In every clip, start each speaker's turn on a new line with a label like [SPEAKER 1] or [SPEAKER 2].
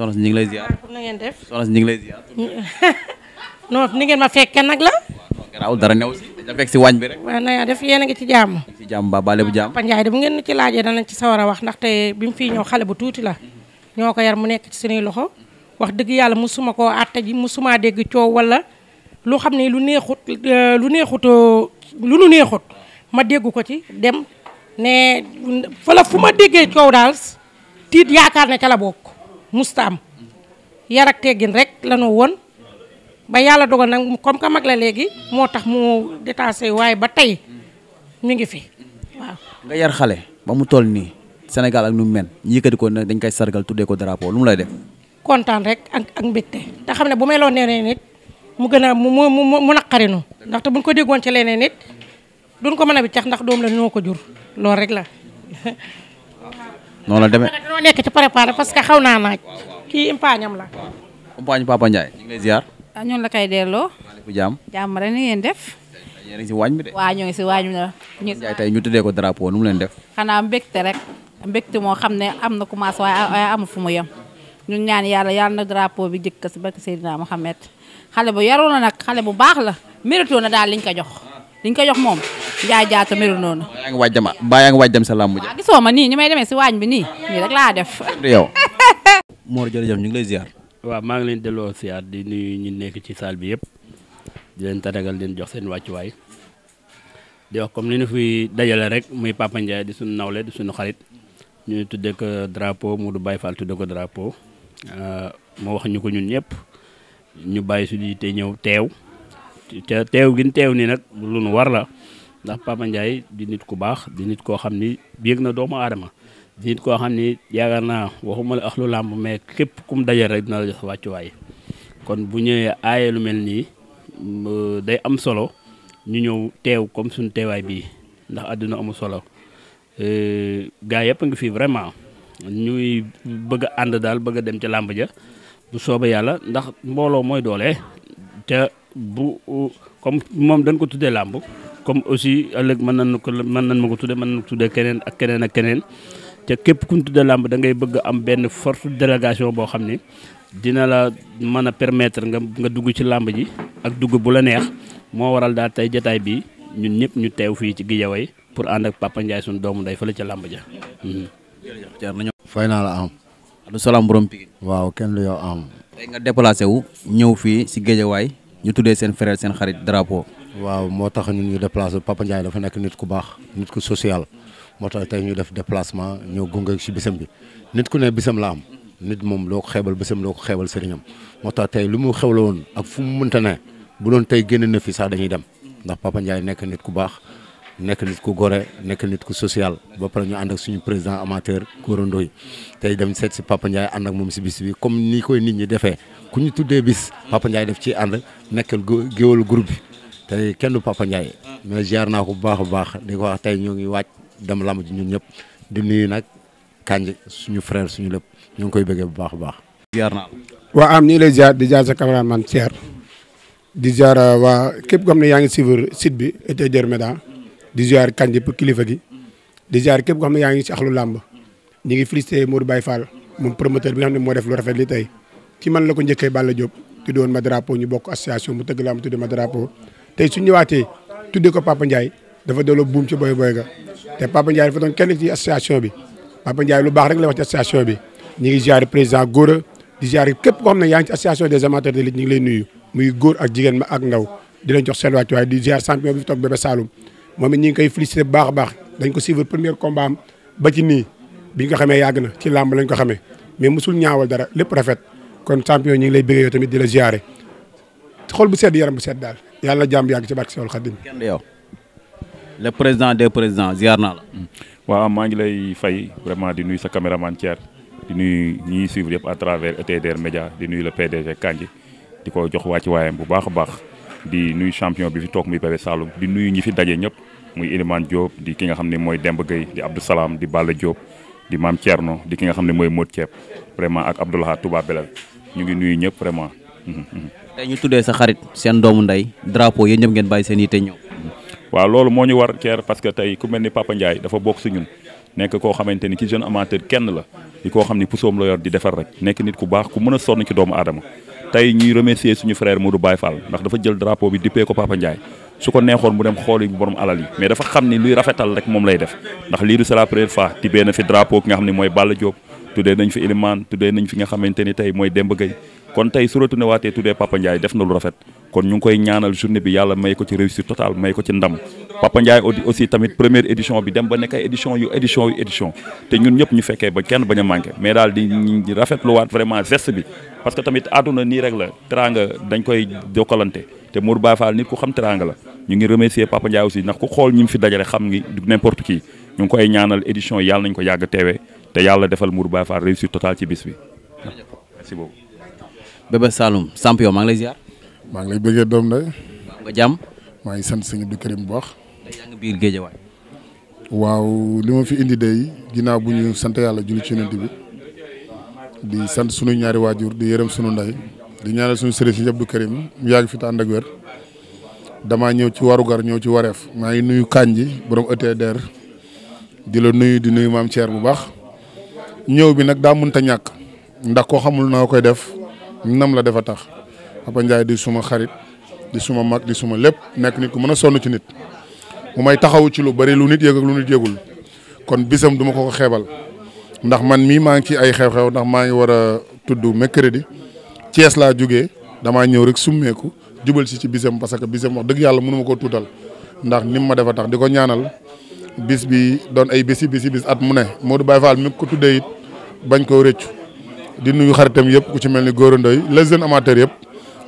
[SPEAKER 1] soxna si ñu ngi lay
[SPEAKER 2] na ngeen def
[SPEAKER 3] soxna ngi lay ziar. ngeen ma fekkee nag la.
[SPEAKER 1] waaw dara new si si waañ bi rek. waaw na def yéen a ngi ci jàmm. ci jàmm ba baale bu jàmm. Papa de bu ngeen ci laajee danañ ci sawar a wax ndaxte bi mu fi ñëw xale bu tuuti la ñoo ko yar mu nekk ci suñuy loxo wax dëgg yàlla musuma koo àtte ji musuma dégg coow wala lu xam ne lu neexut euh, lu neexut lu nu neexut ma dégg ko ci dem ne fala fu ma déggee coow daal tiit yaakaar ne ca la bokk. mustaam yar ak teggin rek lanoo ñu woon ba yàlla dogal nag comme que mag la léegi moo tax mu détaché waaye ba tey mu ngi fi waaw. nga yar xale ba mu toll nii Sénégal ak nu mu mel yëkkati ko dañ koy sargal tuddee ko drapeau lu mu lay def. kontaan rek ak ak mbégte te xam ne bu meloon nee nit mu gën a mu mu mu naqarinu ndaxte buñ ko déggoon ci leneen nit duñ ko mën a bi cax ndax doom la ñoo ko jur loolu rek la. noonu la deme dañoo nekk ci préparé parce que xaw naa naaj kii impaañam la. impaañ Papa Ndiaye ñu ngi ah, ñun la kay delloo. maaleykum jaam jaam rek ni ngeen def. yéen a ngi si waañ bi de. waaw ñoo ngi si waañ bi la. ñu ngi ñu tuddee ko drapeau nu mu leen def. xanaa mbégte rek mbégte moo xam ne am na commencé waaye amu fu mu yem ñun ñaan yàlla yàlla na drapeau bi jëkk si barke Seydina Mohamed xale bu yaroon nag xale bu baax la mérito na daal liñ ko jox liñ ko jox moom Njaay Jaata melu noonu. baa yaa ngi waaj dama baa yaa ngi waaj dem sa làmb. waaw ah,
[SPEAKER 3] gisoo ma nii ñu may demee si waañ bi nii nii def.
[SPEAKER 4] yow.
[SPEAKER 1] Mor jërëjëf ñu ngi lay ziar.
[SPEAKER 3] waaw maa ngi leen delloo ziar di nuyu ñu nekk ci salle bi yëpp di leen tatagal leen jox seen wàccuwaay di comme ni ñu fi rek muy Papa di suñu nawle di suñu xarit ñu tuddee ko drapeau du Baye Fall ko drapeau ah, moo ko ñun ñëpp ñu bàyyi suñu te ñëw teew te teew nag lu war la. ndax Papa Ndiaye di nit ku baax di nit koo xam ni yëg na doomu aadama di nit koo xam ni yaakaar naa waxuma la axlu làmb mais képp kum dajal rek dina la jox wàccuwaay kon bu ñëwee aaye lu mel nii day am solo ñu ñëw teew comme suñu teewaay bii ndax àdduna amu solo gaa yëpp a ngi fi vraiment ñuy bëgg ànd daal bëgg a dem ca làmb ja bu soobee yàlla ndax mbooloo mooy doole te bu comme moom dañ ko tuddee làmb comme aussi ëlëk mën nañu ko mën nañu ko tuddé mën nañ tuddé keneen ak keneen ak keneen té képp kuñ tuddé lamb da ngay bëgg am benn force délégation boo xam ne dina la mën a permettre nga nga dugg ci lamb ji ak dugg bu la neex moo waral daal tey jotaay bi ñun ñëpp ñu teew fii ci Guédiawaye pour ànd ak Papa Ndiaye suñu doomu nday fa la ca lamb ja
[SPEAKER 1] fay la am adu salaam borom Pikine waaw kenn lu yow am tey nga déplacé wu ñëw
[SPEAKER 5] fii si Guédiawaye ñu tuddee seen frère seen xarit drapeau waaw moo tax ñun ñu déplacé Papa Ndiaye dafa nekk nit ku baax nit ku social moo tax tey ñu def déplacement ñoo gunge si bisam bi nit ku ne bisam la am nit moom loo ko xeebal bisam doo ko xeebal sëriñam moo tax tey lu mu xew la woon ak fu mu mënta ne bu loon tey génn na fi sax dañuy dem ndax Papa Ndiaye nekk nit ku baax nekk nit ku gore nekk nit ku social ba pare ñu ànd ak suñu président amateur góorandoo yi tey dem seet si Papa Ndiaye ànd ak moom si bis bi comme ni koy nit ñi defee ku ñu tuddee bis Papa def ci ànd nekkal géwal groupe bi tay kenn du Papa Ndiaye mais ziar na ko bu baax baax di ko wax tay ñu ngi wacc dem lamb ci ñun ñep di nuyu nak kanj suñu frère suñu lepp ñu ngi koy bëgge bu baax baax. ziar na
[SPEAKER 6] wa am ni lay ziar di ziar sa cameraman Thierre di ziar wa kep gam ne yaangi ngi site bi ETDR Média di ziar kanj pour kilifa gi di ziar kep gam ne yaangi ci akhlu lamb ñi ngi félicité Modou Baye Fall mon promoteur bi nga xamne mo def lu rafet li tay ci man la ko ñëkke Balla Diop tuddoon ma drapeau ñu bokk association mu tëgg làmb tudd ma drapeau. tey su ñëwaatee tuddee ko Papa Ndiaye dafa delloo buum ci boy boy ga te Papa Ndiaye dafa doon kenn ci association bi Papa Ndiaye lu baax rek la wax ci association bi ñu ngi ziare président Gora di ziare képp koo xam ne yaa ngi ci association des amateurs de lutte ñu ngi lay nuyu muy góor ak jigéen ma ak ndaw di leen jox seen wàccuwaay di ziare champion bi fi toog Bébé moom it ñu ngi koy félicité bu baax a baax dañ ko suivre premier combat am ba ci nii biñ ko xamee yàgg na ci làmb lañ ko xamee mais mosul ñaawal dara lépp rafet kon champion ñu ngi lay bëggee tamit di la ziare xol bu sedd yaram bu sedd daal yàlla jàmm yàgg ci barke Seexul Xadim kenn
[SPEAKER 1] yow
[SPEAKER 7] le président des présidents ziar naa la. waaw maa ngi lay fay vraiment di nuyu sa caméraman Thier di nuyu ñi suivre yëpp travers ETDR Média di nuyu le PDG Kandji di ko jox waa ci bu baax a baax di nuyu champion bi fi toog muy Bébé Saloum di nuyu ñi fi daje ñëpp muy Elimane Diop di ki nga xam ne mooy Demba Gueye di Abdou Salam di Balla Diop di Maam Thierno di ki nga xam ne mooy Modou ceeb vraiment ak Abdoulaye Touba Belal ñu ngi nuyu ñëpp vraiment. tay ñu tuddé sa xarit seen doomu nday drapeau ye ñëm ngeen bay seen yité ñëw wa loolu war ker parce que tay ku melni ni papa ndjay dafa bok su ñun nek ko xamanteni ni ki jeune amateur kenn la di ko xamni ni pusoom la yor di defar rek nek nit ku baax ku murubai fal, sonn ci doomu adama tay ñuy remercier suñu frère Modou Baye Fall ndax dafa jël drapeau bi dippee ko papa ndjay su ko mu dem xol yi borom alal yi mais dafa xamni luy rafetal rek mom lay def ndax li du c'est première fois tibbee na fi drapeau ki nga xamni moy Balla Diop tudé nañ fi Ilimane tudé nañ fi nga xamanteni tay moy Demba Gueye kon tey su retourné waatee tuddee Papa Ndiaye def na lu rafet kon ñu ngi koy ñaanal journée bi yàlla may ko ci réussite totale may ko ci ndam Papa Ndiaye aussi tamit première édition bi dem ba nekk ay édition yu édition te ñun ñëpp ñu fekkee ba kenn bañ a manqué mais daal di rafetluwaat vraiment geste bi parce que tamit àdduna nii rek la teraanga dañ koy jokkalante te Mour Baye Fall nit ku xam teraanga la ñu ngi remercier Papa Ndiaye aussi ndax ku xool ñi mu fi dajale xam ngi du n'importe qui koy ñaanal édition yi nañ ko yàgg teewee te yàlla defal Mour Baye Fall réussite totale ci bis bi Bébé
[SPEAKER 1] Saloum champion mang lay
[SPEAKER 2] ziar. mang lay bëggee dom day. nga jam may ngi sant bi Karim bokh day jang biir fi indi day gina buñu santai sant yàlla julli ci bi di sant sunu ñaari wajur di yërëm suñu nday di ñaanal sunu sëriñ ci Abdou Karim mu yàgg fi te ànd ak wér dama ñëw ci gar ñëw ci waref nuyu kanji borom ETDR di la nuyu di nuyu mam cher bu baax ñëw bi nag daa mënta ñak ndax ko xamul na koy def. nam la dafa tax Papa Ndiaye di suma xarit di suma mag di suma lépp nekk nit ku mën a sonn ci nit mu may taxaw ci lu bari lu nit yëg lu nit yëgul kon bisam duma ko ko xeebal ndax man mii maa ngi ci ay xew-xew ndax maa ngi war a tudd mercredi Thiès laa jógee damaa ñëw rek summeeku jubal si ci bisam parce que bisam moo dëgg yàlla mënuma koo tuutal ndax nim ma dafa tax di ko ñaanal bis bi doon ay bisi bisi bis at mu ne moo Baye Fall mi ko tuddee it bañ koo rëccu di nuyu xaritam yépp ku ci melni ni ndoy les jeunes amateurs yépp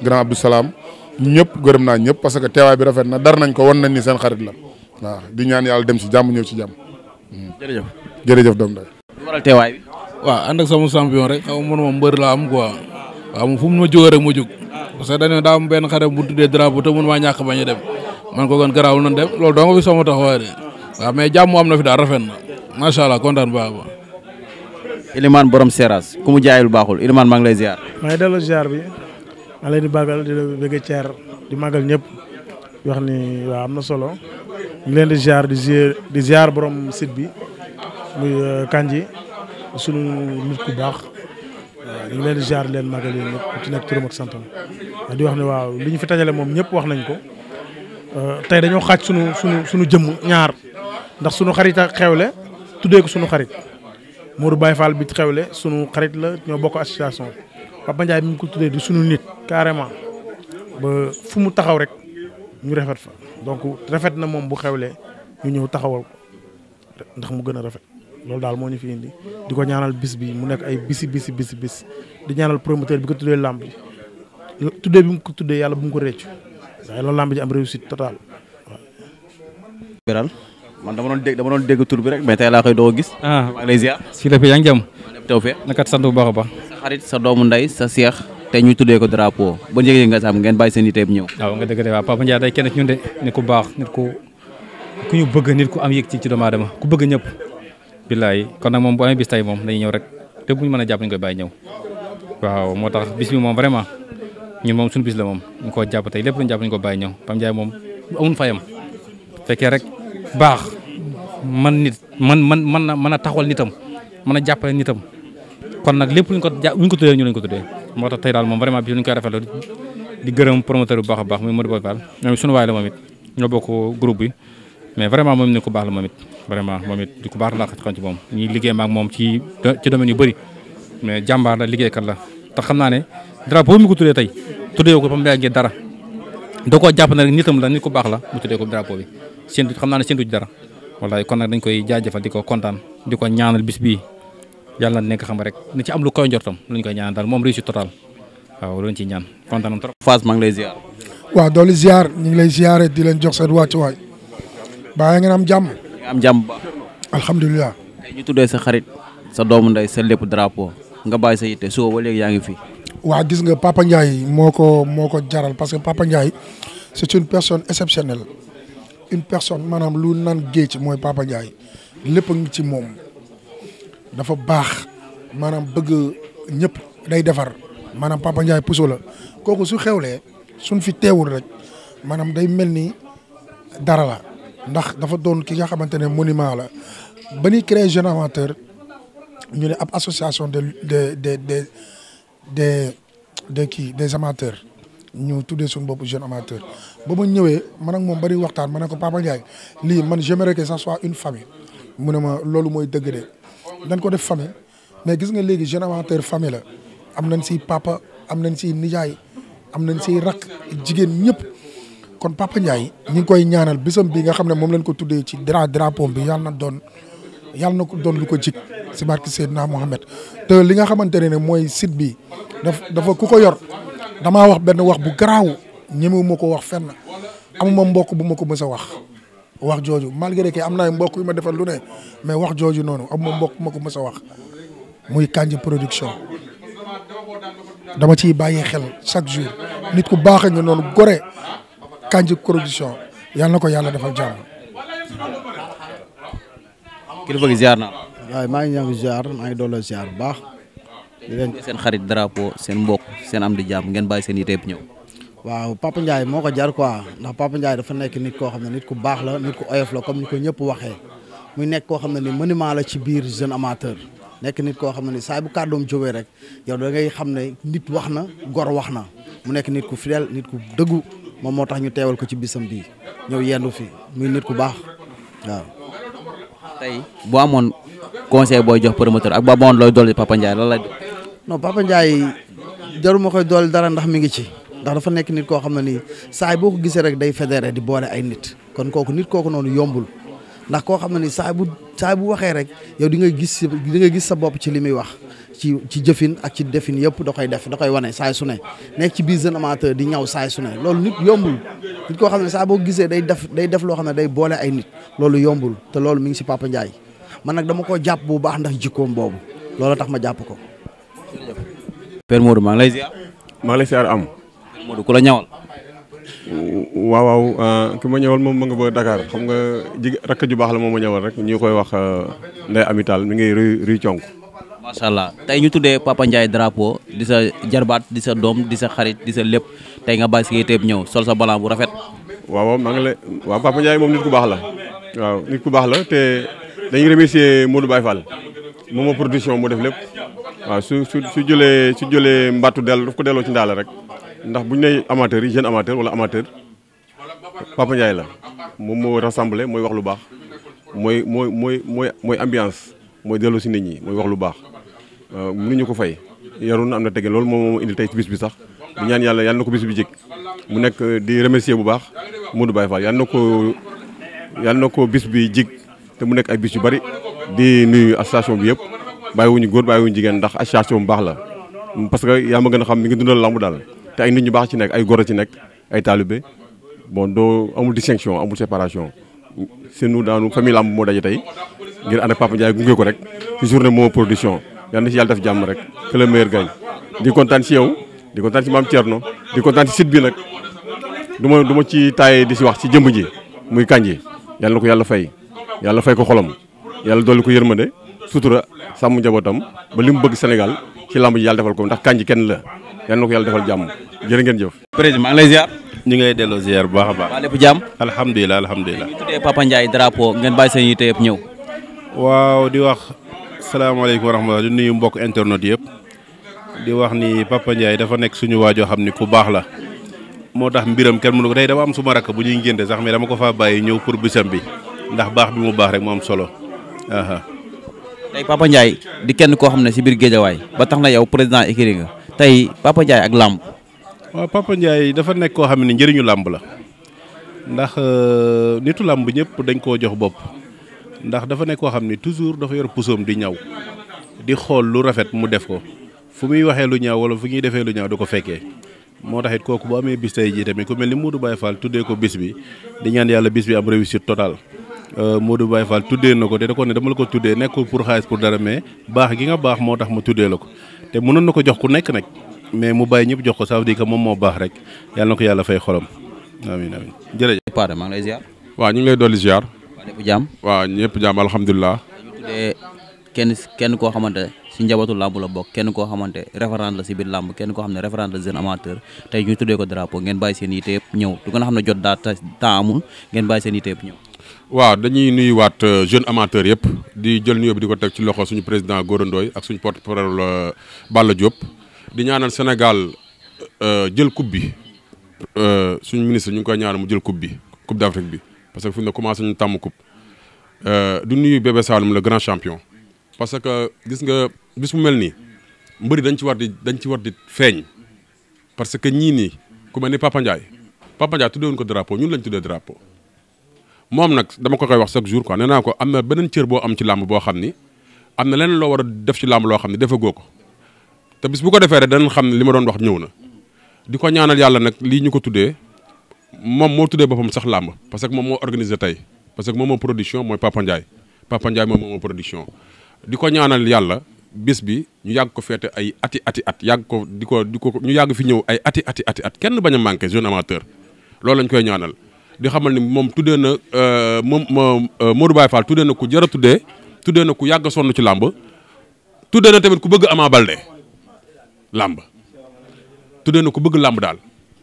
[SPEAKER 2] grand Abdou Salam ñëpp gërëm na ñëpp parce que téway bi rafet na dar nañ ko won nañ ni seen xarit la wa di ñaan yalla dem ci jamm ñew ci jamm jërëjëf jërëjëf dom ndoy waral téway bi. wa and ak sama champion rek xaw ma mom mbeur la am quoi wa mu fu mu ma jógee rek mu jóg
[SPEAKER 4] parce que dañu da am ben xarit bu tuddé drapeau te mu ma ñak bañu dem man ko gën grawul non dem lool do nga fi sama taxawaay de waaw mais jàmm am na fi da rafet na macha allah kontaan baax
[SPEAKER 1] Elimane borom Seras ku mu jaayul baaxul Elimane maa ngi lay ziar.
[SPEAKER 8] maa ngi delloo ziar bi maa lay di bàggal di la ceer di màggal ñëpp di wax ni waaw am na solo ñu leen di ziar di ziar di ziar borom bi muy euh, Kandji sunu nit baax ñu ngi leen leen màggal ci nekk turam ak santam di wax ni waaw li ñu fi tajale moom ñëpp wax nañ ko euh, tey dañoo xaaj sunu sunu sunu jëmm ñaar ndax sunu xarit a xewle tuddee ko sunu xarit. Modou Baye Fall bi xewle sunu xarit la ñoo bokk association Papa Ndiaye bi mu ko tuddee di sunu nit carrément ba fu mu taxaw rek ñu rafet fa donc rafet na moom bu xewlee ñu ñëw taxawal ko ndax mu gën a rafet loolu daal moo ñu fi indi di ko ñaanal bis bi mu nekk ay bisi bisi bisi bis di ñaanal promoteur bi ko tuddee làmb ji bi mu ko tuddee yàlla bu mu ko réccu waaye loolu làmb ji am réussite totale
[SPEAKER 1] waaw man dama doon dégg dama doon dégg tur bi rek mais tey laa koy doog a gis. ah maa ngi lay ziar. si la fi baax a baax. sa xarit sa doomu ndey sa seex te ñu tuddee ko drapeau ba njëg nga sam ngeen bàyyi seen yiteeb ñëw.
[SPEAKER 9] waaw nga dëgg de waaw Papa Ndiaye ku ñu bëgg nit ku am yëg ci ci doomu aadama ku bëgg ñëpp. billaay kon nag moom bu amee bis tey moom dañuy ñëw rek te bu mën a jàpp ñu koy bàyyi ñëw waaw moo tax bis bi moom vraiment ñun moom suñu la moom ñu ko jàpp tey lépp lu ñu jàpp ñu ko bàyyi ñëw Pam Ndiaye moom amul fayam fekkee rek baax man nit man man man na mën a taxawal nitam mën a jàppale nitam kon nag lépp luñ ko luñ ko tuddee ñu lañ ko tuddee moo tax tey daal moom vraiment bi ñu koy rafetlu di gërëm promoteur baax a baax muy Modou Boy Fall ñoom suñu waay la moom it ñoo bokk groupe bi mais vraiment moom ni ko baax la moom it vraiment moom it di ko baax la xam ci moom ñuy liggéey maak moom ci ci domaine yu bëri mais jàmbaar la liggéeykat la te xam naa ne dara boobu mi ko tuddee tey tuddee ko ba mu yàggee dara da koo jàpp na rek nitam la nit ko baax la mu tuddee ko drapeau bi sentu xamna na sentu dara wallahi kon nak dañ koy jaajëfal diko ko diko ñaanal bis bi yalla na nekk xam rek na ci am lu koy ndortam luñ koy ñaanal mom moom total waaw luñ ci ñaan kontaan trop. Fass mang lay ziar.
[SPEAKER 8] waaw li ziar ñi ngi lay ziaré di leen jox seen wàccuwaay bàyyi ngeen am jam am jam alhamdullilah
[SPEAKER 1] ñu tuddé sa xarit sa doomu nday sa lepp drapeau nga bay sa yitte suba ba léegi yaa fi.
[SPEAKER 8] wa gis nga Papa ndjay moko moko jaral parce que Papa ndjay c'est une personne exceptionnelle une personne Madame lu naan mon Papa Ndiaye le a ngi ci moom dafa baax maanaam bëgg ñëpp day Papa Ndiaye puso la kooku su xewlee suñ fi teewul rek maanaam day dara la ndax dafa doon ki nga xamante monument la créé Jeunes Amateurs une association de de de de de de qui, des amateurs ñu tuddee sont beaucoup Jeunes Amateurs ba ma ñëwee man moom bari waxtaan ma ne ko Papa Ndiaye lii man j'aimerais que ça soit une famille mu ne ma loolu mooy dëgg de dañ ko def famille mais gis nga léegi générateur famille am nañ si papa am nañ si nijaay am nañ si rakk jigéen ñëpp. kon Papa Ndiaye ñu ngi koy ñaanal bisam bii nga xam ne moom lañ ko tuddee ci dra drapeau bi yàlla na doon yàlla na ko doon lu ko jik si barke naa Mohamed te li nga xamante ne mooy site bi daf dafa ku ko yor damaa wax benn wax bu garaaw. ñemewu ma ko wax fenn amuma mbokk bu ma ko mës a wax wax jooju malgré que am na ay mbokk yu ma defal lu ne mais wax jooju noonu amuma mbokk bu ma ko mës a wax muy Kandji production dama ciy bàyyi xel chaque jour nit ku baax a ngi noonu gore Kandji production yàlla na ko yàlla defal jàmm.
[SPEAKER 5] kilifa gi ziar maa ngi ñaan ziar ngi doon ziar bu baax.
[SPEAKER 1] di leen seen xarit drapeau seen mbok seen am di jàmm ngeen bàyyi seen yite yëpp ñëw.
[SPEAKER 5] waaw Papa Ndiaye moo ko jar quoi ndax Papa Ndiaye dafa nekk nit koo xam ne nit ku baax la nit ku oyof la comme ni ko ñëpp waxee muy nekk koo xam ne ni monument la ci biir jeune amateur nekk nit koo xam ne ni saay bu kàddoom jógee rek yow da ngay xam ne nit wax na gor wax na mu nekk nit ku fidèle nit ku dëggu moom moo tax ñu teewal ko ci bisam bii ñëw yendu fi muy nit ku baax waaw.
[SPEAKER 1] tey bu amoon conseil booy jox promoteur ak bu amoon looy dolli Papa Ndiaye lan la.
[SPEAKER 5] non Papa Ndiaye jaruma koy dolli dara ndax mi ngi ci. ndax dafa nek nit ko xam ne nii saay boo ko gisee rek day fédéré di bolé ay nit kon koku nit koku noonu yombul ndax ko xam ne bu say bu waxé rek yow di ngay gis di ngay gis sa bop ci limi wax ci ci jëfine ak ci defin yépp da koy def da koy wone say suné ne ci biir amateur di ñaw say suné ne nit yombul nit ko xam say saa gisse day def day def lo xam day bolé ay nit loolu yombul té loolu mi ngi si Papa ndjay man nak dama ko japp bu baax ndax jikko boobu loolu tax ma japp ko.
[SPEAKER 10] Père ma lay ziar. maa lay ziar am. Modou kula ñawal. waaw waaw ki ma ñëwal moom ma nga ba Dakar xam nga jig ju bax la moom ma rek ñi koy wax euh, ndey amital mi ngi ruy rue Thionk. macha
[SPEAKER 1] allah tey ñu tuddé Papa ndjay drapo di sa jarbat di sa dom di sa xarit di sa lepp
[SPEAKER 10] tay nga bàyyi si yiteeb ñew sol sa balan bu rafet. waaw waaw ma nga le waaw Papa ndjay mom nit ku bax la waaw nit ku bax la té dañuy remercier Modou Baye Fall moom production mu def lepp waaw su su jëlé su jëlé mbattu del ko ci ndaala rek. ndax bu ñu nee amateur yi jeune amateur wala amateur Papa la moom moo rassemblé mooy wax lu baax mooy mooy mooy mooy mooy ambiance mooy delloo si nit ñi mooy wax lu baax euh, mënuñu ko fay yaru na am na tege loolu moo indi tey bi sax ñaan yàlla yàlla na ko bis bi jëkk mu nekk euh, di remercier bu baax Modou Baye Fall yàlla na ko yàlla na ko bis bi jig te mu nekk ay bis yu bari di nuyu association bi yëpp bàyyiwuñu góor baay bàyyiwuñu jigéen ndax association bu baax la parce que yaa ma gën a xam mi ngi dundal lamb daal te ay nit ñu baax ci nekk ay goro ci nekk ay taalibe bon doo amul distinction amul séparation seenu daanu famille lamb moo daje tey ngir ànd ak Papa Ndiaye gunge ko rek ci journée moo production yal na si yàlla def jàmm rek que le meilleur gagne di kontaan si yow di kontaan si maam no di kontaan si site bi nag du ma du ma ci taayee di si wax ci jëmb ji muy Kandji yàlla na ko yàlla fay yàlla fay ko xolam yàlla dolli ko yërmande sutura sàmm njabootam ba li mu bëgg Sénégal ci lamb ji defal ko ndax Kandji kenn la. Jangan na ko yàlla defal jamm jere ngeen jëf. président ma ngi lay ziar. ñu ngi lay delloo ziar bu baaxa baax. waa jamm alhamdullilah alhamdullilah ñu tuddé Papa ndjay
[SPEAKER 4] drapeau ngeen bay seen yité yëpp ñew waaw di wax salaamaaleykum wa rahmatulah di nuyu mbokk internet yëpp di wax ni Papa ndjay dafa nek suñu waajoo xamni ku baax la moo tax mbiram kenn mënu ko tey dama am suma rak bu ñuy ngénte sax mi dama ko fa bàyyi ñew pour bisam bi
[SPEAKER 1] ndax baax bi mu baax rek mo am solo. tay Papa ndjay di kenn ko xamne ci si biir ba tax na yow président écurie nga tey Papa ak làmb waaw Papa Ndiaye dafa nekk koo xam ne njëriñu làmb la
[SPEAKER 4] ndax euh, nitu làmb ñëpp dañ koo jox bopp ndax dafa nekk koo xam ne toujours dafa yor pusoom di ñaw di xool lu rafet mu def ko fu muy waxee lu ñaaw wala fu ñuy defee lu ñaaw du ko fekkee moo taxit kooku bu amee bis tey jii tamit ku mel ni Modou Baye Fall tuddee ko bis bi di ñaan yàlla bis bi am réussite totale euh, Modou Baye Fall tuddee na ko te da ne dama la ko tuddee nekkul pour xaalis dara mais baax gi baax moo tax ma tuddee la ko te mënoon na ko jox ku nekk nag mais mu bàyyi ñëpp jox ko ça veut dire que moom moo baax rek yàlla na ko yàlla fay xolam amiin amiin
[SPEAKER 1] maa ngi lay ziar.
[SPEAKER 4] waaw ñu ngi lay dolli ziar. waaw
[SPEAKER 1] ñëpp jàmm. waaw ñëpp jàmm alhamdulilah. ñu tuddee kenn kenn koo xamante si njabootu làmb la bokk kenn koo xamante référence la si biir kenn koo xam ne référence la jeune amateur tey ñu tuddee ko drapeau
[SPEAKER 11] ngeen bàyyi seen yite yëpp ñëw du ko na xam ne jot daa temps amul ngeen bàyyi seen yite yëpp ñëw waaw dañuy nuyuwaat euh, jeune amateur yëpp di jël nuyoo bi di ko teg ci loxo suñu président Gora Ndoye ak suñu porte parole euh, Balla Diop di ñaanal Sénégal euh, jël coupe bi suñu ministre ñu ngi koy ñaanal mu jël coupe bi coupe d'Afrique bi parce que fu ñu la commencé ñu tàmm coupe du nuyu Bébé Saloum le grand champion. parce que gis nga bis mu mel nii mbëri dañ ci war di dañ ci war di feeñ parce que ñii nii ku ni Papa Ndiaye Papa Ndiaye tuddee ko drapeau ñun lañ tuddee drapeau. moom nag dama ko koy wax chaque jour quoi nee naa ko am na beneen cër boo am ci làmb boo xam ni am na leneen loo war a def ci làmb loo xam ne defagoo ko te bis bu ko defee rek danañ xam ne li ma doon wax ñëw na di ko ñaanal yàlla nag lii ñu ko tuddee moom moo tuddee boppam sax làmb parce que moom moo organisé tey parce que moom moo production mooy Papa Ndiaye Papa Ndiaye moom production di ko ñaanal yàlla bis bi ñu yàgg ko feete ay ati ati at yàgg ko di ko di ko ñu yàgg fi ñëw ay ati ati ati at kenn bañ a manqué jeune loolu lañ koy ñaanal di xamal ni moom tuddee na euh, moom euh, Modou Baye Fall tuddee na ku jar a tuddee tuddee na ku yàgg a sonn ci làmb tuddee na tamit ku bëgg Ama Baldé làmb tuddee na ku bëgg làmb daal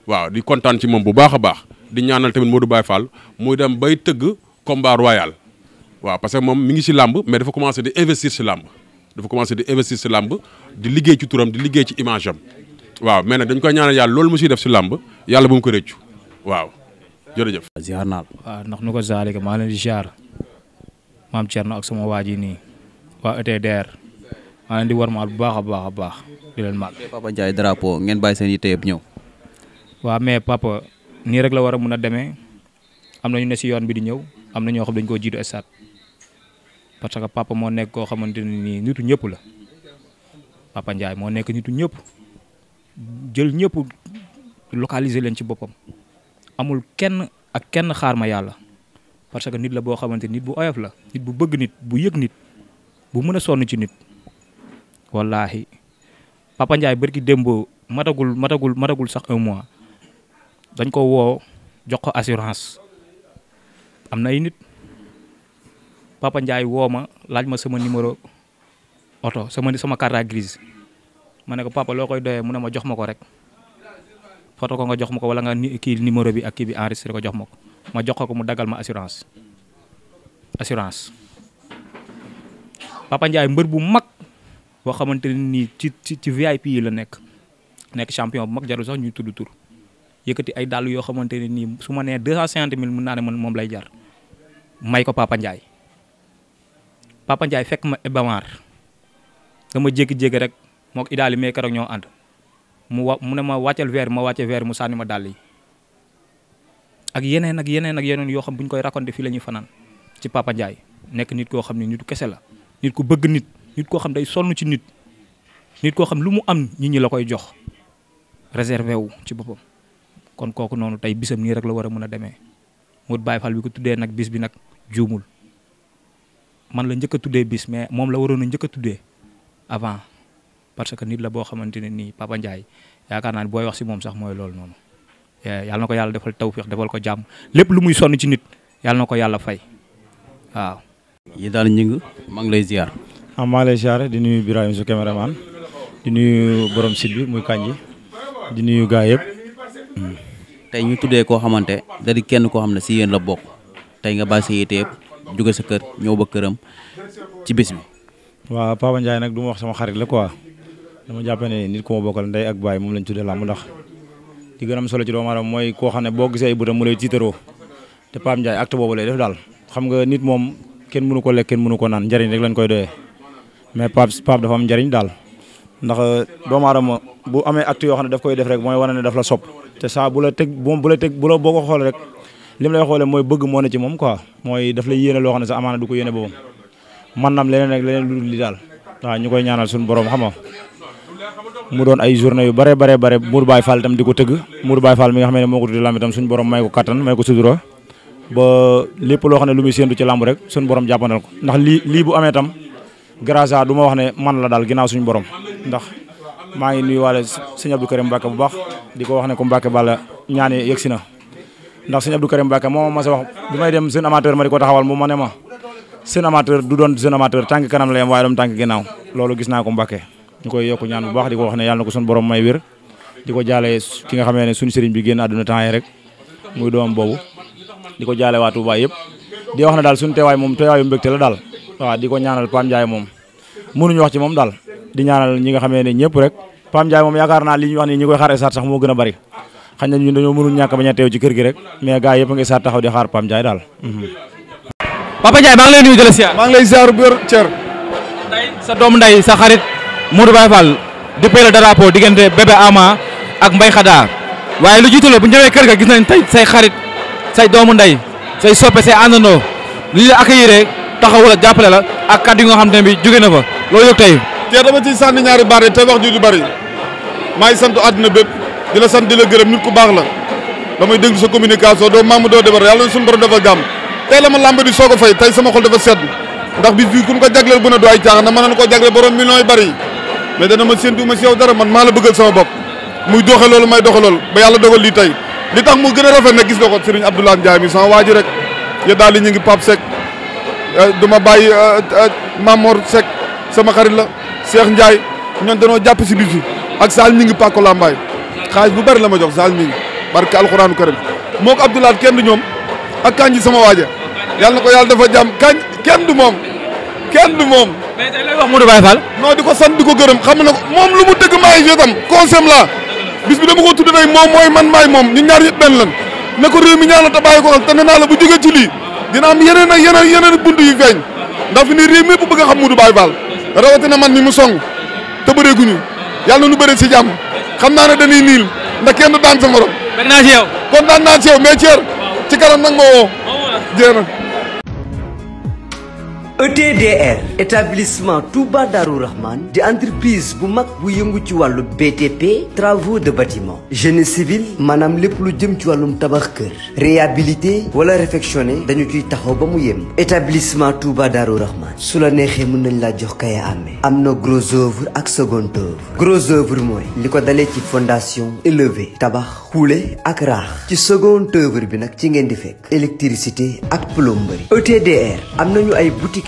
[SPEAKER 11] waaw di kontaan ci moom bu baax a baax di ñaanal tamit Modou Baye Fall muy dem bay tëgg combat royal waaw parce que moom mi ngi ci làmb mais dafa commencé di investir ci làmb dafa commencé di investir ci làmb di liggéey ci turam di liggéey ci image am waaw mais nag dañ koy ñaanal yàlla loolu mu ciy def ci làmb yàlla bu mu ko rëccu waaw jërëjëf. ziarnal
[SPEAKER 12] naa ah, la. waaw ndax nu ko zaalika maa leen di ziar mam Thierno ak sama waji ni wa waa ETDR ma len di warmaal bu baakha baakha baax di len mag
[SPEAKER 1] papa jay drapeau ngeen bay seen yitte yëpp ñëw.
[SPEAKER 12] waaw mais papa ni rek la wara mëna démé amna ñu ne ci yoon bi di ñew amna ño xam dañ ko jidu estat parce que papa mo nek ko xamanteni ni nitu ñepp la papa Ndiaye mo nek nitu ñepp jël ñepp localiser len ci bopam amul kenn ak kenn xaar ma yàlla parce que nit la boo xamante nit bu oyof la nit bu bëgg nit bu yëg nit bu mën a sonn ci nit wallahi Papa Ndiaye barki démboo matagul matagul matagul sax un mois dañ ko woo jox ko assurance am na ay nit Papa Ndiaye woo ma laaj ma sama numéro auto sama sama carte grise ma ko papa loo koy doyee mu ne ma jox ma ko rek foto ko nga jox mako wala nga ki numéro bi ak ki bi enregistrer ko jox mako ma jox ko mu dagal ma assurance assurance Papa ndjay mbeur bu mak bo xamanteni ni ci ci VIP yi la nek nek champion bu mak jaru sax ñuy tuddu tur yëkëti ay dàll yoo xamanteni ni suma né 250000 mu naane man mom lay jar may ko Papa ndjay Papa ndjay fekk ma ebamar dama jékki-jékki rek idali idaali mee keroog ñoo and mu mu ne ma wàccal verre ma wàcce verre mu sànni ma dàll yi ak yeneen ak yeneen ak yeneen yoo xam buñ koy raconté fi la fanan ci Papa ndjay nek nit ko xam ni nitu kese la nit ku bëgg nit nit ko xam day sonn ci nit nit ko xam lu mu am nit ñi la koy jox réservé wu ci bopam kon koku nonu tay bisam ni rek la wara mëna démé mut demee Modou Baye bi ko tuddé nak bis bi nak juumul man la ñëk tuddé bis mais mom la waroon a njëkk avant parce que nit la bo xamanteni ni Papa ndjay yaakaar naa boy wax ci mom sax moy lol non ya na ko yàlla defal tawféex defal ko jam lepp lu muy sonn ci nit yàlla nako ko fay waaw. yi dal ñing ma ngi lay ziar.
[SPEAKER 13] ah ma lay ziar di nuyu ibrahim su cameraman di nuyu borom site bi muy kanji di nuyu gaa yeb hmm.
[SPEAKER 1] tay ñu tuddé ko xamanté da di kenn ko xamné ne si yéen la bok tay nga bàyyi sa yite yëpp jóge sa kër ñow ba kërëm ci
[SPEAKER 13] waaw Papa ndjay nak duma wax sama xarit la quoi. dama jàpp ne nit ku ma bokkal ndey ak baay moom lañ tuddee làmb ndax di gën am solo ci doomu mooy koo xam ne boo gisee ay bëtam mu lay tiitaroo te Pape Ndiaye acte boobu lay def daal xam nga nit moom kenn mënu ko lekk kenn mënu ko naan njariñ rek lañ koy doyee mais Pape Pape dafa am njariñ daal ndax doomu aadama bu amee acte yoo xam ne daf koy def rek mooy wane ne daf la sopp te saa bu la teg moom bu la teg bu boo ko xool rek lim lay xoolee mooy bëgg moo ne ci moom quoi mooy daf lay yéene loo xam ne sa amaana du ko yéene boobu man nam leneen rek leneen lu li daal waaw ñu koy ñaanal suñu borom xam nga mu doon ay journée yu bare bare bare Mourou Baye Fall di ko tëgg Mourou Baye Fall mi nga xam ne moo ko tuddi lamb itam suñu borom may ko kattan may ko sutura ba lépp loo xam ne lu muy séentu ci lamb rek suñu borom jàppandal ko ndax lii lii bu amee itam grâce à ma wax ne man la daal ginnaaw suñu borom ndax maa ngi nuyuwaale sëñ Abdou Karim Mbacke bu baax di ko wax ne ko Mbacke Balla ñaane yegg si na ndax sëñ Abdou Karim Mbacke moo ma sa wax bi may dem jeune amateur ma di ko taxawal moom ma ne ma jeune du doon jeune amateur tànk kanam la yem waaye doom tànk ginnaaw loolu gis naa ko Mbacke ñukoy koy ñaan bu baax diko wax ne yalla nako sun borom may wir diko jale ki nga xamee ne suñu sëriñ bi genn aduna tan rek muy doom bobu diko jale wa waa Touba yëpp di wax ne daal suñu teewaay moom teewaayu mbekté la dal wa di ñaanal Pam mom mënu ñu wax ci mom dal di ñaanal ñi nga xamee ne ñëpp rek Pam jaay mom yaakar na li ñu wax ni ñukoy xaré xaar sax mo gëna bari xagn na dañu mënu ñak baña bañ ci kër gi rek mais gaay yeb nga esaat taxaw di xaar Pam jaay dal Papa jaay ma ngi lay nuyu di sia ma ngi lay ziaru bu wér sa dom nday sa xarit
[SPEAKER 9] Modou Baye Fall di pay le drapeau diggante bébé Ama ak mbay xada waye lu jiitu la bu ñëwee kër ga gis nañ tay say xarit say doomu nday say soppé say andano li la accueillir taxawul ak jàppale la ak kaddu nga xamné bi jugé na fa loolu yok tay té dama ci sànni
[SPEAKER 14] ñaari baare te wax ju du bari may santu aduna bëpp dila di la sant di la gërëm nit ku baax la damay dégg sa communication do mamu do débar yalla suñu borom dafa gam tey lama lamb di soko fay tay sama xol dafa sedd ndax bi ku ko jaglé bu na do ay tax na manan ko jaglé borom mi noy bari mais dana ma séntu ma si yow dara man maa la bëggal sama bopp muy doxe loolu may doxe loolu ba yàlla dogal lii tey li tax mu gën a rafet nag gis nga ko Serigne Abdoulaye Ndiaye mi sama waa rek ya daal li ñu ngi Pape Seck euh, du ma bàyyi euh, euh, Mamor Seck sama xarit la Cheikh Ndiaye ñoom danoo jàpp si bis bi ak Sall ñi ngi Pàkko Lambaay xaalis bu bari la ma jox saal ñi ngi barke alxuraanu karim moo ko Abdoulaye kenn du ñoom ak Kanji sama waaja yàlla na ko yàlla dafa jàmm Kanji kenn du moom. kenn du moom. mais tey lay di ko sant di ko gërëm xam na ko moom lu mu dëgg maay itam conseil la bis bi ko tudd tey moom mooy man maay moom ñu ñaar yëpp benn lan na ko réew mi ñaanal te bàyyi ko xel te naa la bu jógee ci lii dina am yeneen ak yeneen yeneen bunt yu feeñ ndax fi ni réew mi yëpp bëgg a xam Modou Baye Fall rawatina man mi mu song te bëreeguñu yàlla nu bëree si jàmm xam naa ne dañuy niil ndax kenn du daan sa morom. bëgg naa
[SPEAKER 15] ci yow. kontaan naa ci yow mais Thier ci kanam nag ma woo. jéem ETDR établissement Touba Darou Rahman di entreprise bu mag bu ci BTP travaux de bâtiment génie civil maanaam lépp lu jëm ci wàllum tabax kër réhabilité wala réfectionné dañu ciy taxaw ba mu établissement Touba Darou Rahman su la neexee mën nañ laa jox kaya amee am gros œuvre ak second œuvre gros œuvre mooy li ci fondation élevé tabac roulé ak raax ci second œuvre bi nag ci ngeen di électricité ak plomberie ETDR am nañu ay boutique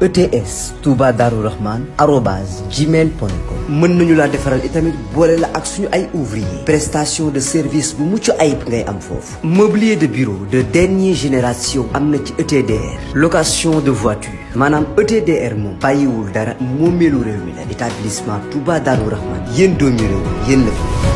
[SPEAKER 15] ETS Touba Darou Rahman arobase gmail.com mën nañu defaral itamit boole la ak suñu ay ouvrier prestation de service bu mucc ayib ngay am foofu mobilier de bureau de dernière génération am na ci ETDR location de voiture MANAM ETDR moom bàyyiwul dara moomeelu réew mi la établissement tuba Darou Rahman yéen doomi réew la